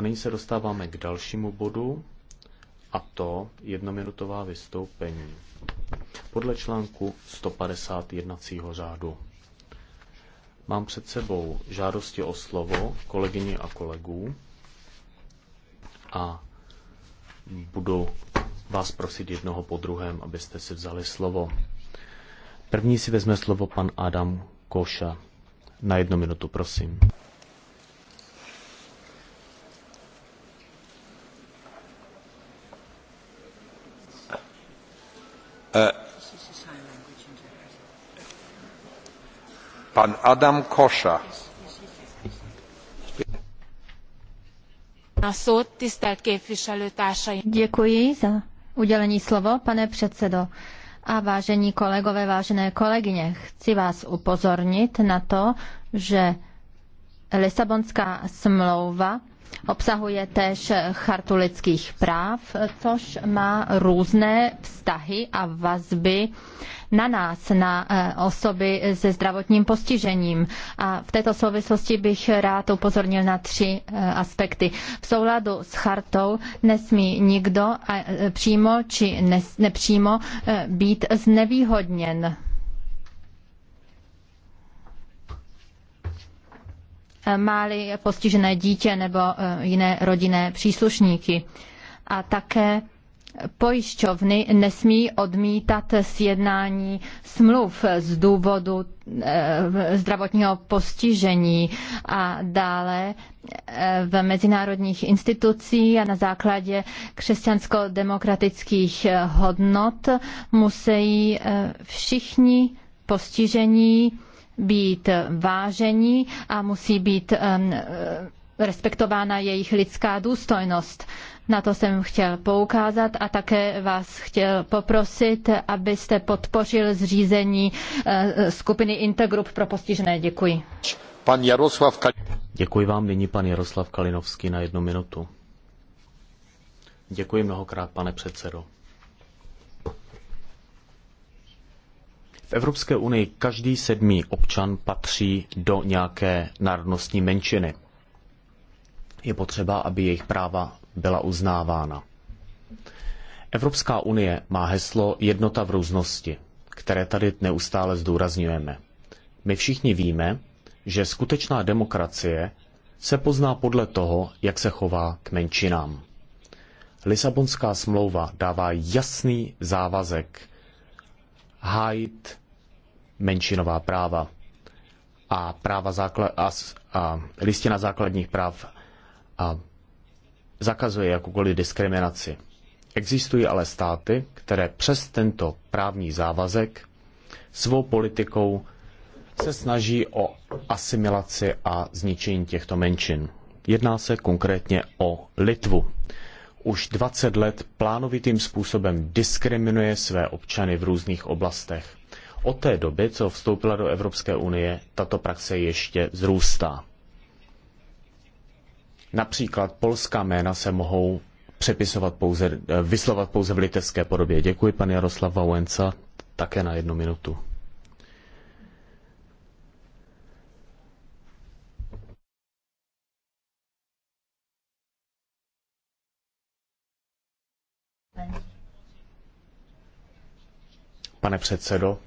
nyní se dostáváme k dalšímu bodu, a to jednominutová vystoupení. Podle článku 150 jednacího řádu. Mám před sebou žádosti o slovo kolegyně a kolegů a budu vás prosit jednoho po druhém, abyste si vzali slovo. První si vezme slovo pan Adam Koša. Na jednu minutu, prosím. Pan Adam Kosa. Děkuji za udělení slovo, pane předsedo. A vážení kolegové, vážené kolegyně, chci vás upozornit na to, že Lisabonská smlouva obsahuje též chartu lidských práv, což má různé vztahy a vazby na nás, na eh, osoby se zdravotním postižením. A v této souvislosti bych rád upozornil na tři eh, aspekty. V souladu s chartou nesmí nikdo eh, přímo či nepřímo být znevýhodněn. máli postižené dítě nebo jiné rodinné příslušníky. A také pojišťovny nesmí odmítat sjednání smluv z důvodu eh, zdravotního postižení a dále eh, v mezinárodních institucí a na základě křesťansko-demokratických eh, hodnot musí všichni postižení být vážení a musí být ehm, respektována jejich lidská důstojnost. Na to jsem chtěl poukázat a také vás chtěl poprosit, abyste podpořil zřízení eh, skupiny Intergroup pro postižené. Děkuji. Pan Jaroslav Kal... Děkuji vám. Nyní pan Jaroslav Kalinovský na jednu minutu. Děkuji mnohokrát, pane předsedo. V Evropské unii každý sedmý občan patří do nějaké národnostní menšiny. Je potřeba, aby jejich práva byla uznávána. Evropská unie má heslo jednota v různosti, které tady neustále zdůrazňujeme. My všichni víme, že skutečná demokracie se pozná podle toho, jak se chová k menšinám. Lisabonská smlouva dává jasný závazek hájit menšinová práva a, práva základ, a, a listina základních práv a zakazuje jakoukoliv diskriminaci. Existují ale státy, které přes tento právní závazek svou politikou se snaží o asimilaci a zničení těchto menšin. Jedná se konkrétně o Litvu. Už 20 let plánovitým způsobem diskriminuje své občany v různých oblastech. Od té doby, co vstoupila do Evropské unie, tato praxe ještě zrůstá. Například polská jména se mohou přepisovat pouze, eh, vyslovat pouze v litevské podobě. Děkuji, pan Jaroslav Vauenca, také na jednu minutu. Pane předsedo,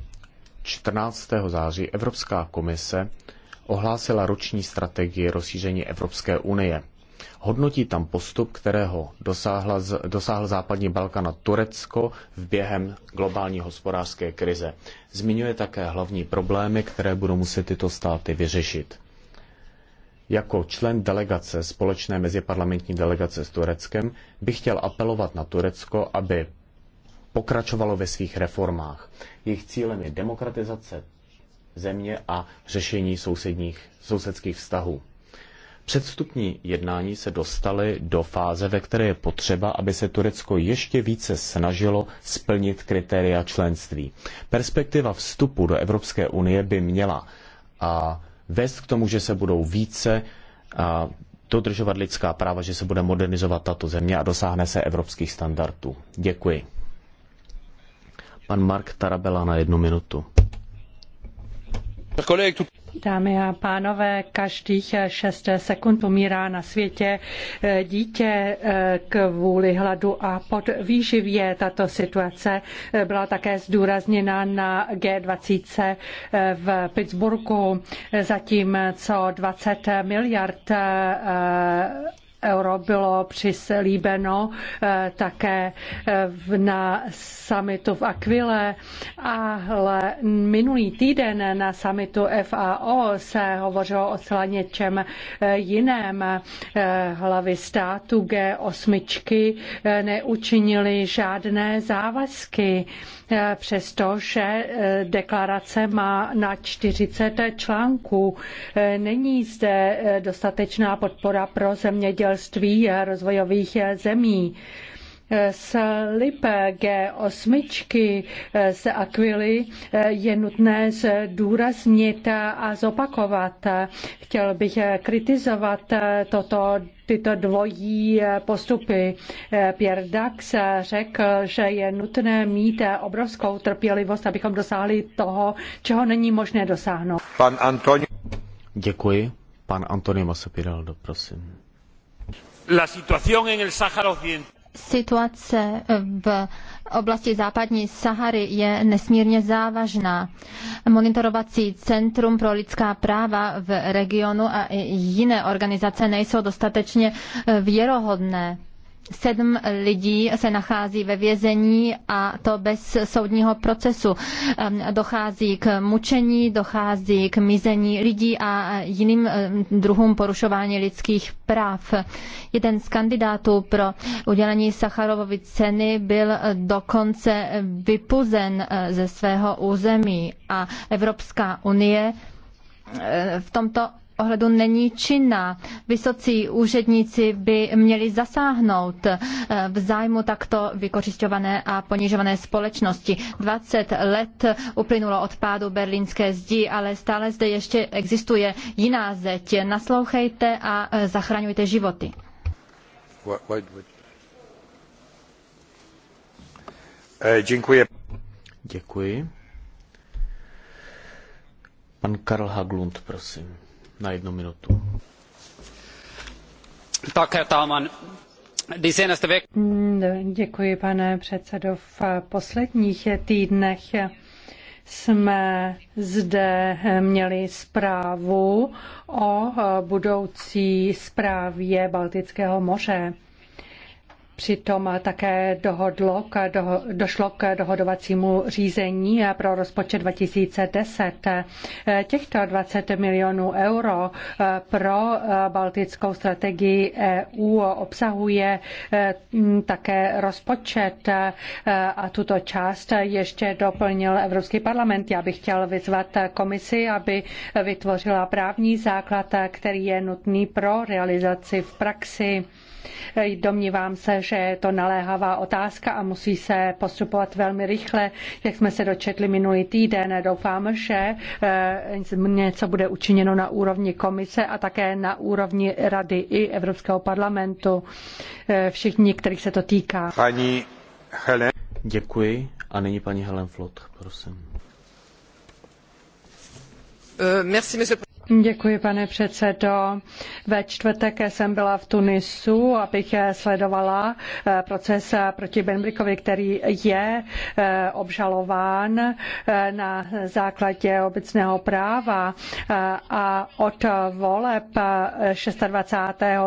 14. září Evropská komise ohlásila roční strategii rozšíření Evropské unie. Hodnotí tam postup, kterého dosáhla, dosáhl západní Balkán a Turecko v během globální hospodářské krize. Zmiňuje také hlavní problémy, které budou muset tyto státy vyřešit. Jako člen delegace, společné meziparlamentní delegace s Tureckem, bych chtěl apelovat na Turecko, aby pokračovalo ve svých reformách. Jejich cílem je demokratizace země a řešení sousedních, sousedských vztahů. Předstupní jednání se dostaly do fáze, ve které je potřeba, aby se Turecko ještě více snažilo splnit kritéria členství. Perspektiva vstupu do Evropské unie by měla a, vést k tomu, že se budou více a, dodržovat lidská práva, že se bude modernizovat tato země a dosáhne se evropských standardů. Děkuji. Pan Mark Tarabela na jednu minutu. Dámy a pánové, každých šest sekund umírá na světě eh, dítě eh, kvůli hladu a pod výživě. Tato situace eh, byla také zdůrazněna na G20 v Pittsburghu, zatímco 20 miliard euro bylo přislíbeno eh, také eh, na samitu v Aquile, ale minulý týden na samitu FAO se hovořilo o celá něčem eh, jiném. Hlavy státu G8 neučinili žádné závazky. Eh, přestože eh, deklarace má na 40 článků. Eh, není zde dostatečná podpora pro zemědělství rozvojových zemí. Slib G8 z akvily je nutné zdůraznit a zopakovat. Chtěl bych kritizovat toto tyto dvojí postupy. Pierre Dax řekl, že je nutné mít obrovskou trpělivost, abychom dosáhli toho, čeho není možné dosáhnout. Pan Antonio, Děkuji. Pan Antonio Masopiraldo, prosím. La situación en el Sahara Occidental Situace v oblasti západní Sahary je nesmírně závažná. Monitorovací centrum pro lidská práva v regionu a i jiné organizace nejsou dostatečně věrohodné. Sedm lidí se nachází ve vězení a to bez soudního procesu. Dochází k mučení, dochází k mizení lidí a jiným druhům porušování lidských práv. Jeden z kandidátů pro udělení Sacharovovy ceny byl eh, dokonce vypuzen eh, ze svého území a Evropská unie eh, v tomto ohledu není činná. Vysocí úředníci by měli zasáhnout eh, v zájmu takto vykořišťované a ponižované společnosti. 20 let uplynulo od pádu berlínské zdi, ale stále zde ještě existuje jiná zeď. Naslouchejte a eh, zachraňujte životy. Děkuji. Eh, Děkuji. Pan Karl Haglund, prosím na jednu minutu. Tak, mm, Děkuji, pane předsedo. V posledních týdnech jsme zde měli zprávu o budoucí zprávě Baltického moře. Přitom také dohodlo k, doho, došlo k dohodovacímu řízení pro rozpočet 2010. Těchto 20 milionů euro eh, pro eh, baltickou strategii EU obsahuje eh, také rozpočet a tuto část ještě doplnil Evropský parlament. Já bych chtěl vyzvat komisi, aby vytvořila právní základ, který je nutný pro realizaci v praxi. Domnívám se, že že je to naléhavá otázka a musí se postupovat velmi rychle, jak jsme se dočetli minulý týden. Doufám, že eh, něco bude učiněno na úrovni komise a také na úrovni Rady i Evropského parlamentu. Eh, všichni, kterých se to týká. Paní Helen. Děkuji. A nyní paní Helen Flot, prosím. Uh, merci, monsieur... Děkuji, pane předsedo. Ve čtvrtek jsem byla v Tunisu, abych sledovala eh, proces eh, proti Benbrikovi, který je eh, obžalován na základě obecného práva a od voleb 26.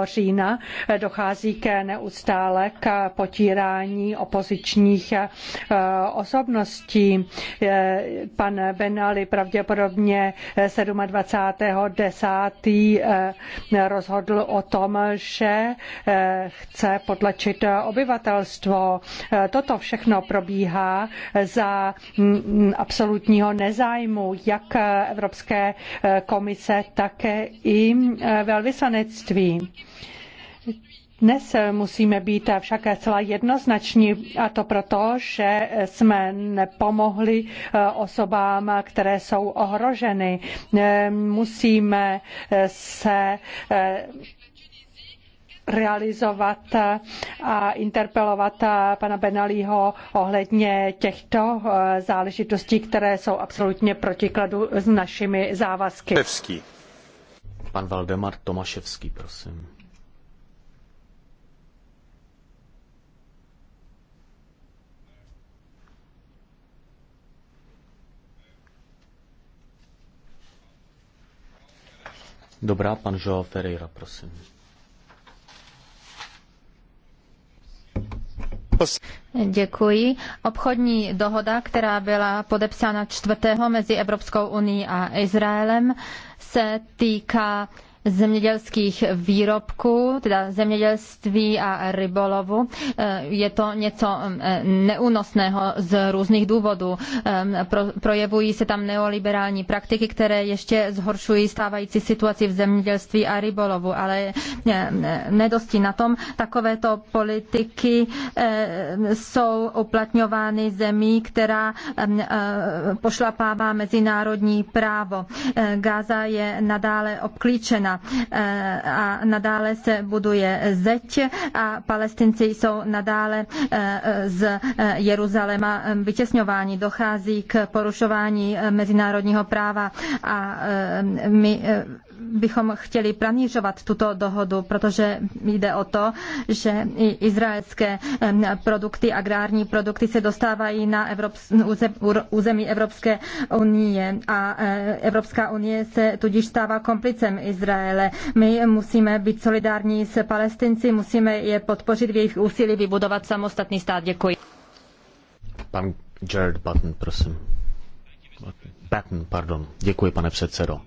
října dochází k neustále k potírání opozičních osobností. Pan Ben Ali pravděpodobně 27 10. Eh, rozhodl o tom, že eh, chce potlačit obyvatelstvo. Eh, toto všechno probíhá za mm, absolutního nezájmu jak Evropské komise, tak i velvyslanectví. Dnes eh, musíme být však celá jednoznační a to proto, že jsme nepomohli eh, osobám, které jsou ohroženy. Eh, musíme se realizovat a interpelovat pana Benalího ohledně těchto záležitostí, které jsou absolutně protikladu s našimi závazky. Pan Valdemar Tomaševský, prosím. Dobrá, pan Joao Ferreira, prosím. Děkuji. Obchodní dohoda, která byla podepsána čtvrtého mezi Evropskou unií a Izraelem, se týká zemědělských výrobků, teda zemědělství a rybolovu. Eh, je to něco eh, neúnosného z různých důvodů. Eh, projevují se tam neoliberální praktiky, které ještě zhoršují stávající situaci v zemědělství a rybolovu, ale nedosti na tom. Takovéto politiky jsou uplatňovány zemí, která pošlapává mezinárodní právo. Gáza je nadále obklíčena Eh, a, nadále se buduje zeď a palestinci jsou nadále eh, z eh, Jeruzaléma vytěsňováni. Dochází k porušování mezinárodního práva a my bychom chtěli pranířovat tuto dohodu, protože jde o to, že i izraelské produkty, agrární produkty se dostávají na území Evropské unie a e, Evropská unie se tudíž stává komplicem Izraele. My musíme být solidární s Palestinci, musíme je podpořit v jejich úsilí vybudovat samostatný stát. Děkuji. Pan Jared Button, prosím. Button, pardon. Děkuji, pane předsedo.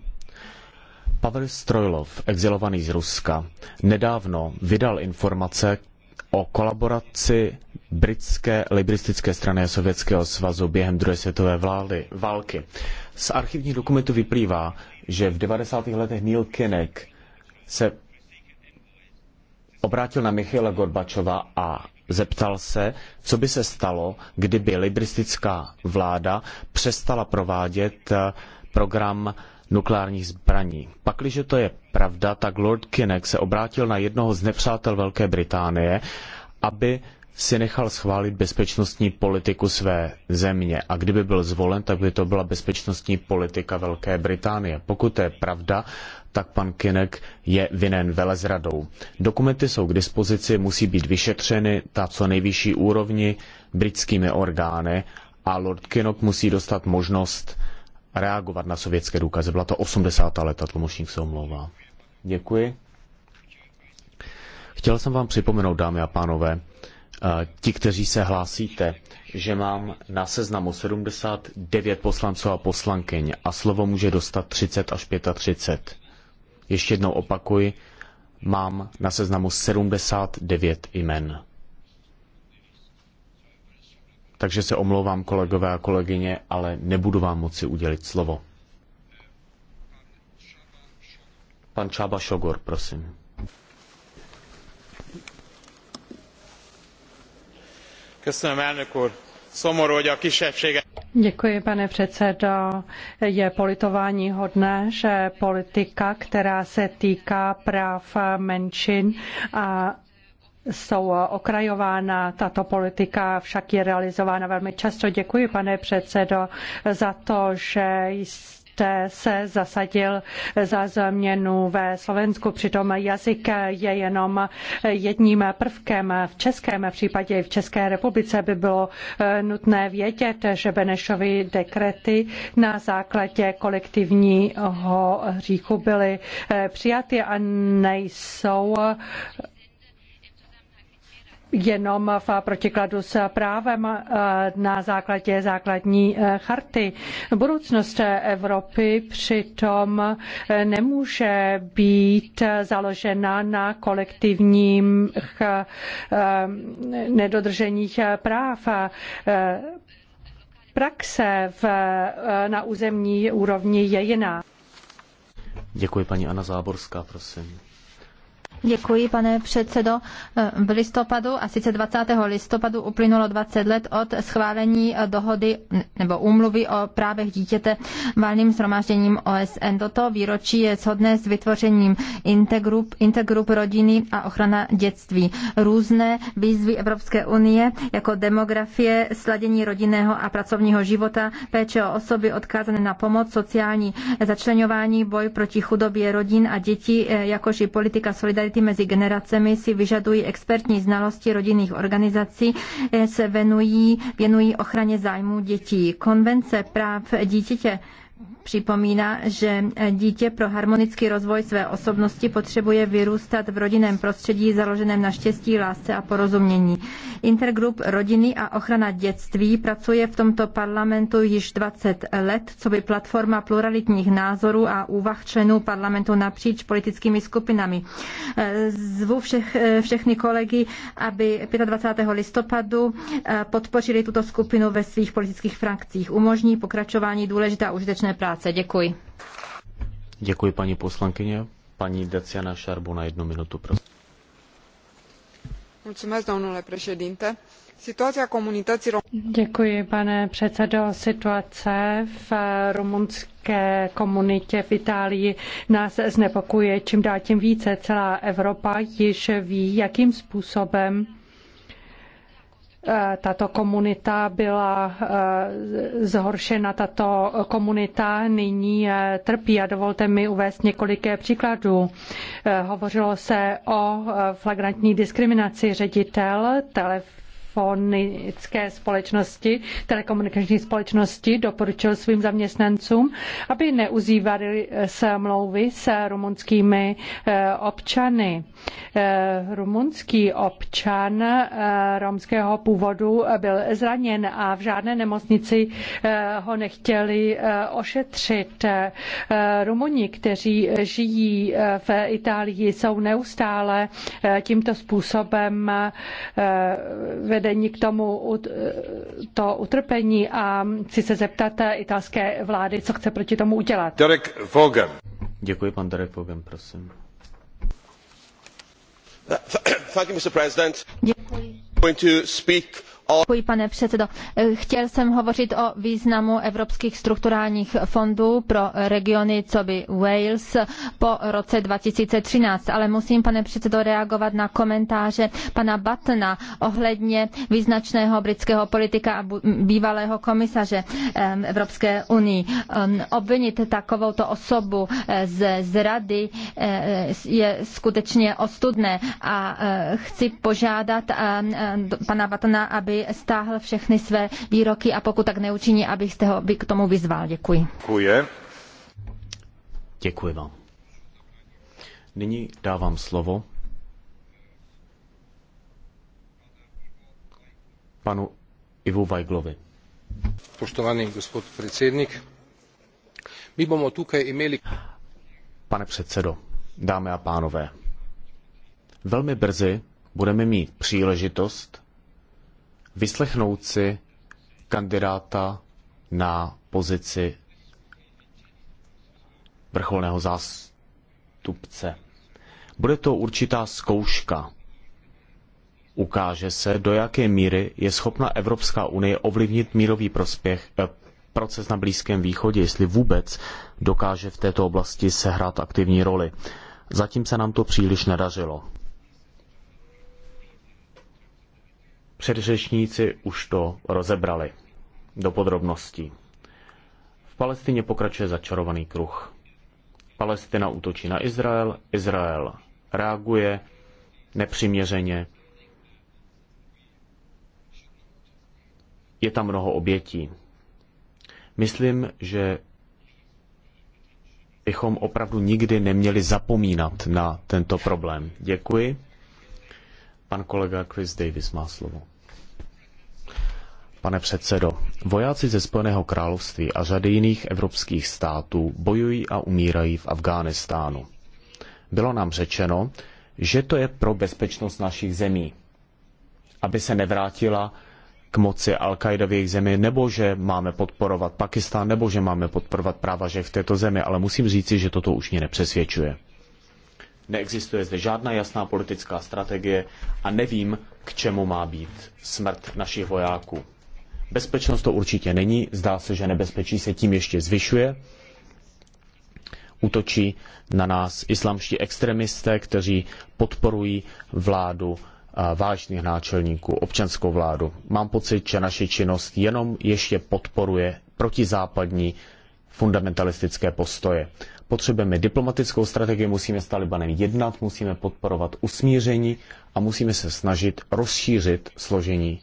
Pavel Strojlov, exilovaný z Ruska, nedávno vydal informace o kolaboraci britské libristické strany Sovětského svazu během druhé světové vlády, války. Z archivních dokumentů vyplývá, že v 90. letech Neil Kinnock se obrátil na Michaela Gorbačova a zeptal se, co by se stalo, kdyby libristická vláda přestala provádět eh, program nukleárních zbraní. Pakliže to je pravda, tak Lord Kinnock se obrátil na jednoho z nepřátel Velké Británie, aby si nechal schválit bezpečnostní politiku své země a kdyby byl zvolen, tak by to byla bezpečnostní politika Velké Británie. Pokud to je pravda, tak pan Kinek je vinen velezradou. Dokumenty jsou k dispozici, musí být vyšetřeny ta co nejvyšší úrovni britskými orgány a Lord Kinnock musí dostat možnost reagovat na sovětské důkazy. Byla to 80. leta, tlumočník se omlouvá. Děkuji. Chtěl jsem vám připomenout, dámy a pánové, eh, ti, kteří se hlásíte, že mám na seznamu 79 poslanců a poslankyň a slovo může dostat 30 až 35. Ještě jednou opakuji, mám na seznamu 79 jmen. Takže se omlouvám kolegové a kolegyně, ale nebudu vám moci udělit slovo. Pan Čába Šogor, prosím. Köszönöm, elnök úr. Szomorú, hogy a kisebbségek... Děkuji, pane předsedo. Je politování hodné, že politika, která se týká práv menšin a jsou okrajována. Tato politika však je realizována velmi často. Děkuji, pane předsedo, za to, že jste se zasadil za změnu ve Slovensku. Přitom jazyk je jenom jedním prvkem. V českém v případě v České republice by bylo eh, nutné vědět, že Benešovy dekrety na základě kolektivního říchu byly eh, přijaty a nejsou jenom v protikladu s právem eh, na základě základní eh, charty. Budoucnost Evropy přitom eh, nemůže být založena na kolektivních nedodrženích práv praxe v, na územní úrovni je jiná. Děkuji paní Anna Záborská, prosím. Děkuji, pane předsedo. V listopadu, a sice 20. listopadu, uplynulo 20 let od schválení dohody nebo úmluvy o právech dítěte valným shromážděním OSN. Toto výročí je shodné s vytvořením intergrup, intergrup rodiny a ochrana dětství. Různé výzvy Evropské unie, jako demografie, sladění rodinného a pracovního života, péče o osoby odkázané na pomoc, sociální začlenování, boj proti chudobě rodin a dětí, jakož i politika solidarity solidarity mezi generacemi si vyžadují expertní znalosti rodinných organizací, eh, se venují, věnují ochraně zájmů dětí. Konvence práv dítěte Připomíná, že dítě pro harmonický rozvoj své osobnosti potřebuje vyrůstat v rodinném prostředí založeném na štěstí, lásce a porozumění. Intergrup rodiny a ochrana dětství pracuje v tomto parlamentu již 20 let, co by platforma pluralitních názorů a úvah členů parlamentu napříč politickými skupinami. Zvu všech, všechny kolegy, aby 25. listopadu podpořili tuto skupinu ve svých politických frakcích. Umožní pokračování důležité a užitečné práce práce. Děkuji. Děkuji paní poslankyně. Paní Daciana Šarbu na jednu minutu, prosím. Mulțumesc, domnule președinte. Situace rom. Děkuji, pane předsedo. Situace v rumunské komunitě v Itálii nás znepokuje čím dál tím více. Celá Evropa již ví, jakým způsobem Eh, tato komunita byla eh, zhoršena, tato komunita nyní eh, trpí a dovolte mi uvést několik příkladů. Hovořilo se o flagrantní diskriminaci ředitel telef telefonické společnosti, telekomunikační společnosti doporučil svým zaměstnancům, aby se smlouvy s rumunskými eh, občany. Eh, rumunský občan eh, romského původu byl zraněn a v žádné nemocnici ho nechtěli ošetřit. Rumuni, kteří žijí v Itálii, jsou neustále tímto způsobem vedení vedení k tomu to utrpení a chci se zeptat italské vlády, co chce proti tomu udělat. Derek Děkuji, pan Derek prosím. Děkuji. Děkuji, pane předsedo. Chtěl jsem hovořit o významu evropských strukturálních fondů pro regiony, co by Wales po roce 2013, ale musím, pane předsedo, reagovat na komentáře pana Batna ohledně význačného britského politika a bývalého komisaře Evropské unii. Obvinit takovouto osobu eh, z zrady eh, je skutečně ostudné a eh, chci požádat pana Battena, aby stáhl všechny své výroky a pokud tak neučiní, abych ho by k tomu vyzval. Děkuji. Děkuji. Děkuji vám. Nyní dávám slovo panu Ivu Vajglovi. Poštovaný gospod předsednik, my bomo tukaj imeli... Pane předsedo, dámy a pánové, velmi brzy budeme mít příležitost vyslechnout si kandidáta na pozici vrcholného zástupce. Bude to určitá zkouška. Ukáže se, do jaké míry je schopna Evropská unie ovlivnit mírový prospěch, eh, proces na Blízkém východě, jestli vůbec dokáže v této oblasti sehrát aktivní roli. Zatím se nám to příliš nedařilo. Předřečníci už to rozebrali do podrobností. V Palestině pokračuje začarovaný kruh. Palestina útočí na Izrael, Izrael reaguje nepřiměřeně. Je tam mnoho obětí. Myslím, že bychom opravdu nikdy neměli zapomínat na tento problém. Děkuji. Pan kolega Chris Davis má slovo. Pane předsedo, vojáci ze Spojeného království a řady jiných evropských států bojují a umírají v Afghánistánu. Bylo nám řečeno, že to je pro bezpečnost našich zemí, aby se nevrátila k moci al qaida v jejich zemi, nebo že máme podporovat Pakistán, nebo že máme podporovat práva že v této zemi, ale musím říci, že toto už mě nepřesvědčuje. Neexistuje zde žádná jasná politická strategie a nevím, k čemu má být smrt našich vojáků. Bezpečnost to určitě není, zdá se, že nebezpečí se tím ještě zvyšuje. Útočí na nás islamští extremisté, kteří podporují vládu eh, vážných náčelníků, občanskou vládu. Mám pocit, že naše činnost jenom ještě podporuje protizápadní fundamentalistické postoje. Potřebujeme diplomatickou strategii, musíme s Talibanem jednat, musíme podporovat usmíření a musíme se snažit rozšířit složení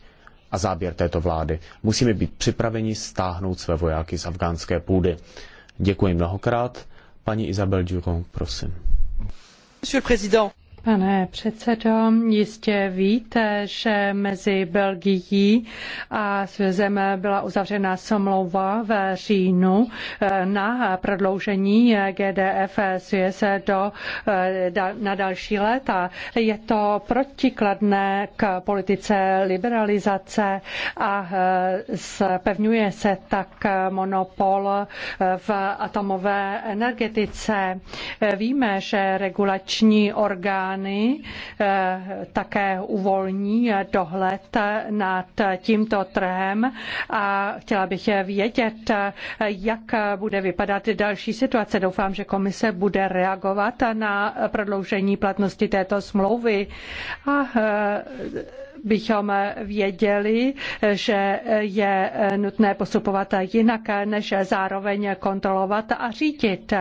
a záběr této vlády. Musíme být připraveni stáhnout své vojáky z afgánské půdy. Děkuji mnohokrát. Paní Isabel Durand, prosím. Monsieur le Président, Pane předsedo, jistě víte, že mezi Belgií a Svězem byla uzavřena smlouva v říjnu eh, na prodloužení eh, GDF Svěz do, eh, na další léta. Je to protikladné k politice liberalizace a zpevňuje se tak monopol v atomové energetice. Víme, že regulační orgán orgány eh, také uvolní dohled nad tímto trhem a chtěla bych vědět, eh, jak bude vypadat další situace. Doufám, že komise bude reagovat na prodloužení platnosti této smlouvy a eh, bychom věděli, že je nutné postupovat jinak, než zároveň kontrolovat a řídit.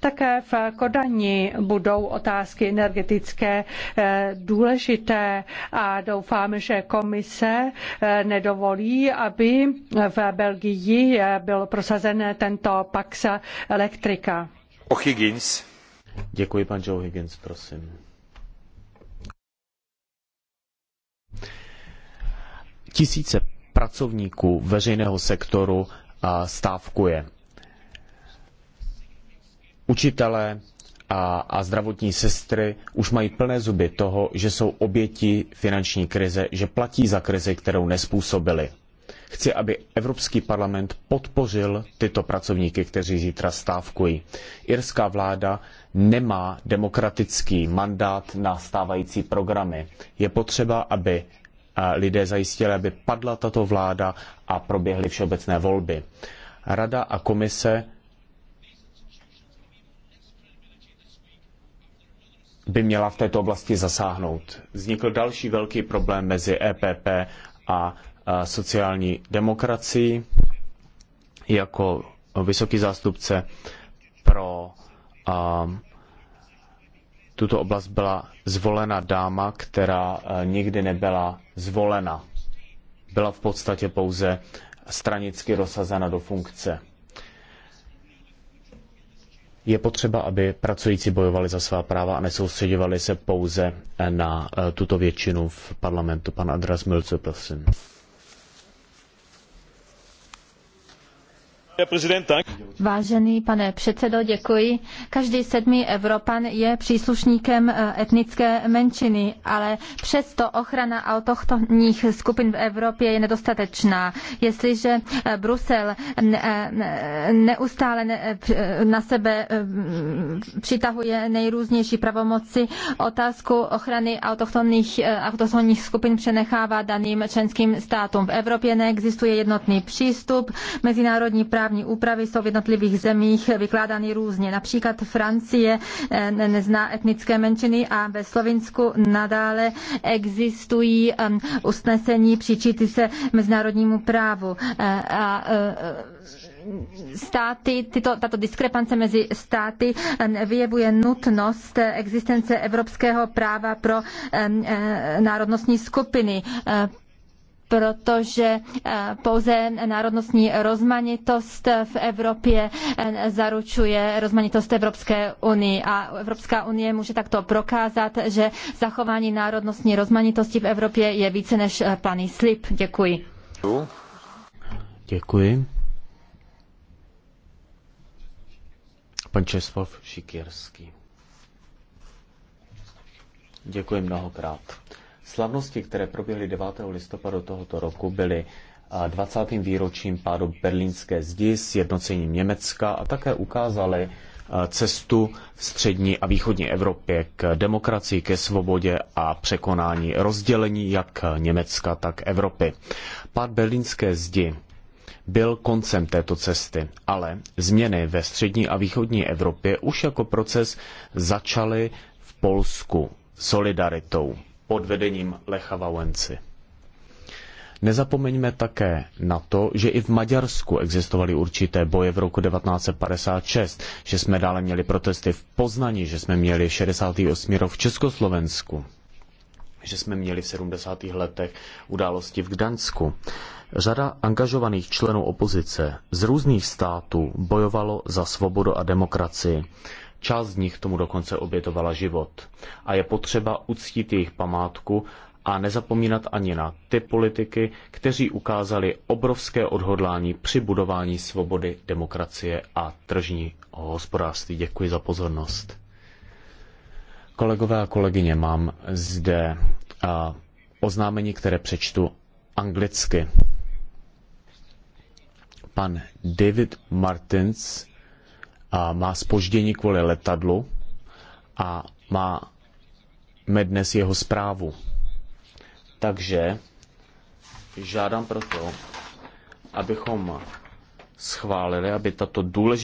Také v Kodani budou otázky energetické eh, důležité a doufám, že komise eh, nedovolí, aby v Belgii eh, byl prosazen tento Pax Electrica. O'Higgins. Děkuji, pan Joe Higgins, prosím. tisíce pracovníků veřejného sektoru stávkuje. Učitelé a, a zdravotní sestry už mají plné zuby toho, že jsou oběti finanční krize, že platí za krizi, kterou nespůsobili. Chci, aby Evropský parlament podpořil tyto pracovníky, kteří zítra stávkují. Irská vláda nemá demokratický mandát na stávající programy. Je potřeba, aby lidé zajistili, aby padla tato vláda a proběhly všeobecné volby. Rada a komise by měla v této oblasti zasáhnout. Vznikl další velký problém mezi EPP a sociální demokracií jako vysoký zástupce pro tuto oblast byla zvolena dáma, která eh, nikdy nebyla zvolena. Byla v podstatě pouze stranicky rozsazena do funkce. Je potřeba, aby pracující bojovali za svá práva a nesoustředovali se pouze na eh, tuto většinu v parlamentu. Pan Adras Milce, prosím. Vážený pane předsedo, děkuji. Každý sedmý Evropan je příslušníkem eh, etnické menšiny, ale přesto ochrana autochtonních skupin v Evropě je nedostatečná. Jestliže eh, Brusel eh, neustále na sebe přitahuje nejrůznější pravomoci, otázku ochrany autochtonních, autochtonních skupin přenechává daným členským státům. V Evropě neexistuje jednotný přístup, mezinárodní práv právní úpravy jsou v jednotlivých zemích vykládány různě. Například Francie eh, nezná etnické menšiny a ve Slovensku nadále existují usnesení přičíty se mezinárodnímu právu. Eh, a eh, státy, tyto, tato diskrepance mezi státy vyjevuje nutnost existence evropského práva pro národnostní skupiny protože eh, pouze národnostní rozmanitost v Evropě eh, zaručuje rozmanitost Evropské unie a Evropská unie může takto prokázat, že zachování národnostní rozmanitosti v Evropě je více než eh, planý slib. Děkuji. Děkuji. Pan Česlav Šikierský. Děkuji mnohokrát. Slavnosti, které proběhly 9. listopadu tohoto roku, byly 20. výročím pádu berlínské zdi, jednocením Německa a také ukázaly cestu v střední a východní Evropě k demokracii, ke svobodě a překonání rozdělení jak Německa, tak Evropy. Pád berlínské zdi byl koncem této cesty, ale změny ve střední a východní Evropě už jako proces začaly v Polsku solidaritou pod vedením Lecha Valenci. Nezapomeňme také na to, že i v Maďarsku existovaly určité boje v roku 1956, že jsme dále měli protesty v Poznani, že jsme měli 68. rok v Československu, že jsme měli v 70. letech události v Gdansku. Řada angažovaných členů opozice z různých států bojovalo za svobodu a demokracii Část z nich tomu dokonce obětovala život. A je potřeba uctít jejich památku a nezapomínat ani na ty politiky, kteří ukázali obrovské odhodlání při budování svobody, demokracie a tržní hospodářství. Děkuji za pozornost. Kolegové a kolegyně, mám zde oznámení, které přečtu anglicky. Pan David Martins má spoždění kvůli letadlu a máme dnes jeho zprávu. Takže žádám proto, abychom schválili, aby tato důležitá